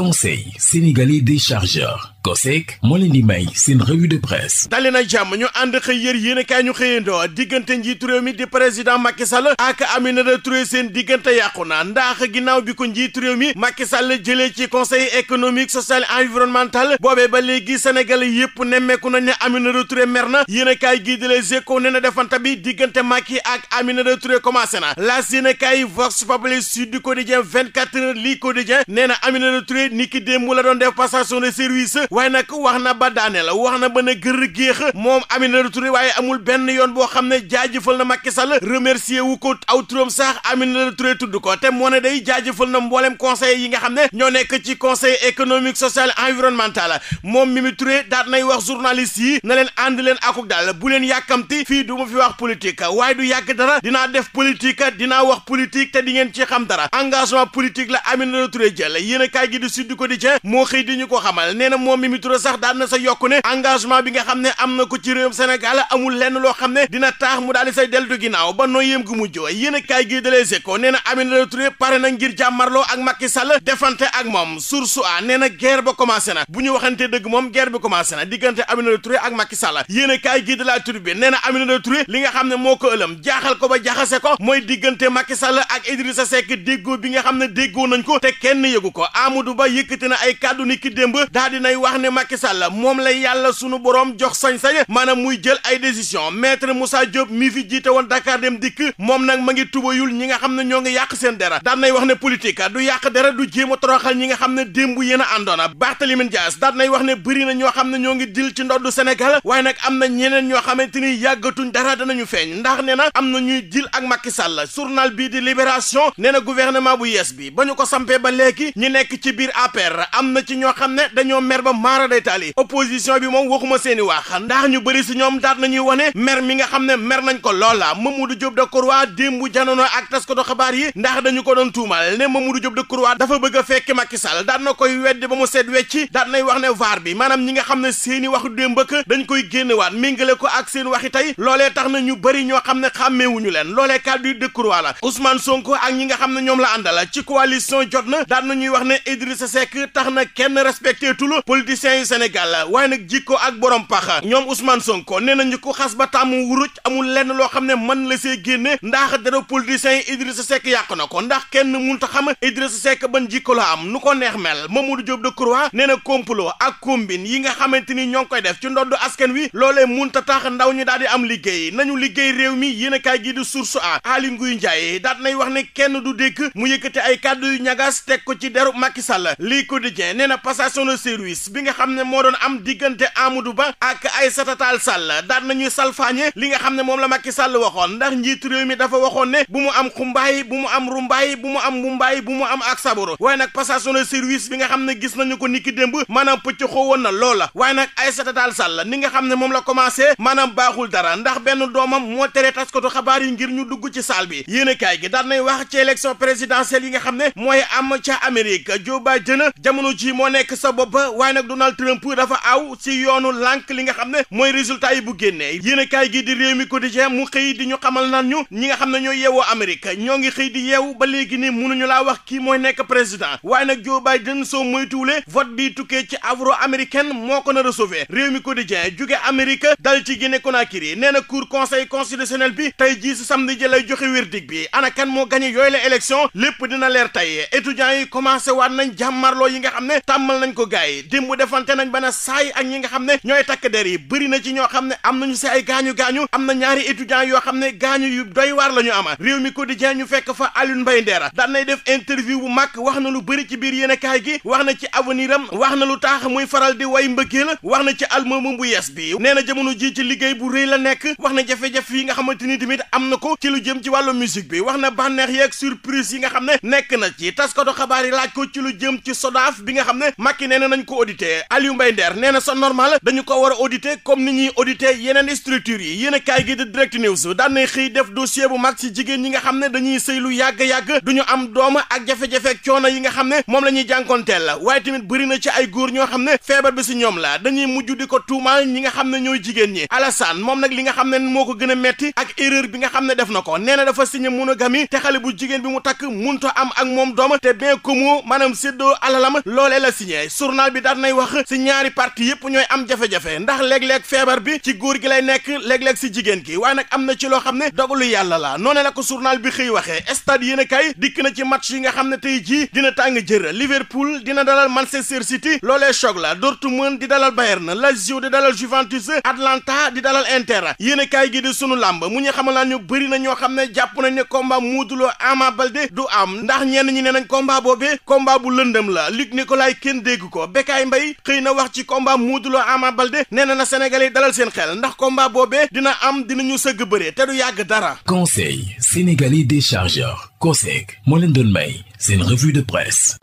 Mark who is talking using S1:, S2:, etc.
S1: conseil sénégalais des chargeurs COSEC moo leen di may seen revue de presse dali na jàmm ñu ànd xëy yër yéen kaay ñu xëyandoo diggante njiitu mi di président Macky Sall ak Aminata Touré seen diggante yàqu na ndax ginnaaw bi ko njiitu réew mi Macky Sall jëlee ci conseil économique social environnemental boobee ba léegi Sénégal yëpp nemmeeku defanta bi diggante Macky ak Aminata Touré commencé na laas yéen Vox Populi Sud Quotidien 24 lii Quotidien nee na Aminata Touré niki démb la doon def passation de service waaye nag wax na ba daaneela la wax na ba ne gër géex moom Aminata Touré waaye amul benn yoon boo xam ne jaajëfal na Macky Sall remercier wu ko aw turam sax Aminata Touré tudd ko te moo ne day jaajëfal na mboolem conseil yi nga xam ne ñoo nekk ci conseil économique social environnemental moom Mimi Touré daat nay wax journaliste yi na leen ànd leen akuk daal bu leen yàkkamti fii du ma fi wax politique waaye du yàgg dara dinaa def politique dinaa wax politique di ngeen ci xam dara engagement politique la Aminata Touré jël yéen si di Quotidien moo xëy di ñu ko xamal nee na moom Mimi sax daan na sa yokku ne engagement bi nga xam ne am na ko ci réewum Sénégal amul lenn loo xam ne dina taax mu daal di say deltu ginnaaw ba noo yéem gu mujjoo yéen a kaay gi de Les Échos nee na Aminata Touré pare na ngir jàmmarloo ak Macky Sall defante ak moom source a nee na guerre ba commencé na bu ñu waxante dëgg moom guerre bi commencé na diggante Aminata Touré ak Macky Sall yéen a kaay gi de La Tribune nee na Aminata Touré li nga xam ne moo ko ëlëm ko ba jaxase ko mooy diggante Macky Sall ak Idrissa Seck déggoo bi nga xam ne déggoo nañ ko te kenn yëgu ko Amadou Ba yëkkati na ay kàddu ni ki démb daal di wax ne Macky Sall moom lay yàlla sunu boroom jox sañ-sañ maanaam muy jël ay décision maître Moussa Diop mi fi jiite woon Dakar dem dikk moom nag ma ngi tubayul ñi nga xam ne ñoo ngi yàq seen dara daan nay wax ne politique du yàq dara du jéem a toroxal ñi nga xam ne démb yéen a àndoona Barthélémy Dias daan nay wax ne bëri na ñoo xam ne ñoo ngi dil ci ndoddu Sénégal waaye nag am na ñeneen ñoo xamante ni yàggatuñ dara danañu feeñ ndax nee na am na ñuy dil ak Macky Sall journal bii di Libération nee na gouvernement bu yees bi biir APR am na ci ñoo xam ne dañoo mer ba maara day taali opposition bi moom waxuma seeni wax ndax ñu bëri si ñoom daat nañuy wane mer mi nga xam ne mer nañ ko loola Mamadou Diop Decroix démb janono ak taskatu xabaar yi ndax dañu ko doon tuumal ne Mamadou Diop Decroix dafa bëgg a fekki Macky Sall daan na koy weddi ba mu seet wecci daan nay wax ne vaar bi maanaam ñi nga xam ne seeni waxu démb ak dañ koy génnewaat méngale ko ak seen waxi tey loolee tax na ñu bëri ñoo xam ne xàmmeewuñu leen loolee kàddu Decroix la ñi nga xam ne ñoom la àndala ci coalition jot na daan nañuy wax ne Idrissa Seck tax na kenn respecté tul politiciens yu Sénégal waaye nag jikko ak borom pax ñoom Ousmane Sonko nee nañu ko xas ba tàmm wuruj amul lenn loo xam ne mën la see génne ndax dara politiciens yi Idrissa sekk yàq na ko ndax kenn mun a xam Idrissa Seck ban jikko la am nu ko neex mel Mamadou Diop Decroix nee na complot ak combine yi nga xamante ni ñoo ngi koy def ci ndodd askan wi loolee mënut a tax ndaw ñi daal di am liggéey nañu liggéey réew mi yéen a kaay gi di source a Aly Ngouille Ndiaye daat nay wax ne kenn du dégg mu yëkkati ay kàddu yu ñagas teg ko ci deru Macky Sall lii quotidien nee na passation de service bi nga xam ne moo doon am diggante Amadou Ba ak ay Aïssata salla Sall daan nañuy salfaañe li nga xam ne moom la Macky Sall waxoon ndax njiitu réew mi dafa waxoon ne bu mu am xumbaay bu mu am rumbaay bu mu am mbumbaay bu mu am ak saboro waaye nag passation service bi nga xam ne gis na ñu ko niki démb maanaam pëcc xoowoon na loola waaye nag Aïssata Tall Sall ni nga xam ne moom la commencé maanaam baaxul dara ndax benn doomam moo tere taskatu xabaar yi ngir ñu dugg ci salle bi yéen a gi daan nay wax ci élection présidentielle yi nga xam ne mooy am ca Amérique Joe Biden jëna jamono ji moo nekk sa bopp waaye nag Donald Trump dafa aw si yoonu lank li nga xam ne mooy résultat yi bu génnee yéen a kaay gi di réew mi quotidien mu xëy di ñu xamal naan ñu ñi nga xam ne ñooy yeewoo Amérique ñoo ngi xëy di yeew ba léegi ni mënuñu laa wax kii mooy nekk président waaye nag Joe Biden soo moytuwulee vote bi tukkee ci afro américaine moo ko nar a sauvé réew mi quotidien jóge Amérique dal ci Guinée Conakry nee na cour conseil constitutionnel bi tey jii si samedi ji lay joxe wérdig bi ana kan moo gagné yooyu la élection lépp dina leer tey étudiants yi commencé waat nañ jàmmarloo yi nga xam ne tàmmal nañ ko gars démb defante nañ ba ne saay ak ñi nga xam ne ñooy takk der yi bëri na ci ñoo xam ne am nañu si ay gaañu-gaañu am na ñaari étudiants yoo xam ne gaañu yu doy waar la ama réew mi quotidien ñu fekk fa Alioune Mbaye Ndeera daan def interview bu mag wax na lu bëri ci biir yéenekaay gi wax na ci avenir am wax na lu taax muy faral di way mbëggeel wax na ci album bu yes bi nee na jamono ci liggéey bu rëy la nekk ni tamit am na ko ci lu jëm ci yi nga xam ne nekk na ci ci sodaaf bi nga xam ne Macky nee na nañ ko audité Aliou Mbaye Nder nee na sa normal dañu ko war a audité comme ni ñuy audité yeneen structures yi yéen a kaay gi di direct news daan na xëy def dossier bu mag ci jigéen ñi nga xam ne dañuy sëy lu yàgg-yàgg duñu am doom ak jafe-jafe coono yi nga xam ne moom la ñuy jànkonteel la waaye tamit bëri na ci ay góor ñoo xam ne feebar bi si ñoom la dañuy mujj di ko tuumaal ñi nga xam ne ñooy jigéen ñi Alassane moom nag li nga xam ne moo ko gën a metti ak erreur bi nga xam ne def na ko nee na dafa signé monogamie te bu jigéen bi mu takk munta am ak moom doom te bien commun maanaam séddoo delloo alalam loolee la signé journal bi daal nay wax si ñaari parti yëpp ñooy am jafe-jafe ndax léeg-léeg feebar bi ci góor gi lay nekk léeg-léeg si jigéen gi waaye nag am na ci loo xam ne dogalu yàlla la noonee la ko journal bi xëy waxee stade yéen a kay dikk na ci match yi nga xam ne tey jii dina tàng jër Liverpool dina dalal Manchester City loolee choc la Dortmund di dalal Bayern Lazio di dalal Juventus Atlanta di dalal Inter yéen a kaay gi di sunu làmb mu ñu xamal naa ñu bëri na ñoo xam ne jàpp nañ ne combat Modou Lo am ndax ñenn ñi ne nañ combat lëndëm la Luc Nicolaï kenn dégg ko Bécaye Mbaye xëy na wax ci combat Modou Lo Ama Baldé nee na na Sénégalais dalal seen xel ndax combat boobe dina am dinañu sëgg bëree te du yàgg dara. Conseil sénégalais des chargeurs COSEC moo leen doon may seen revue de presse.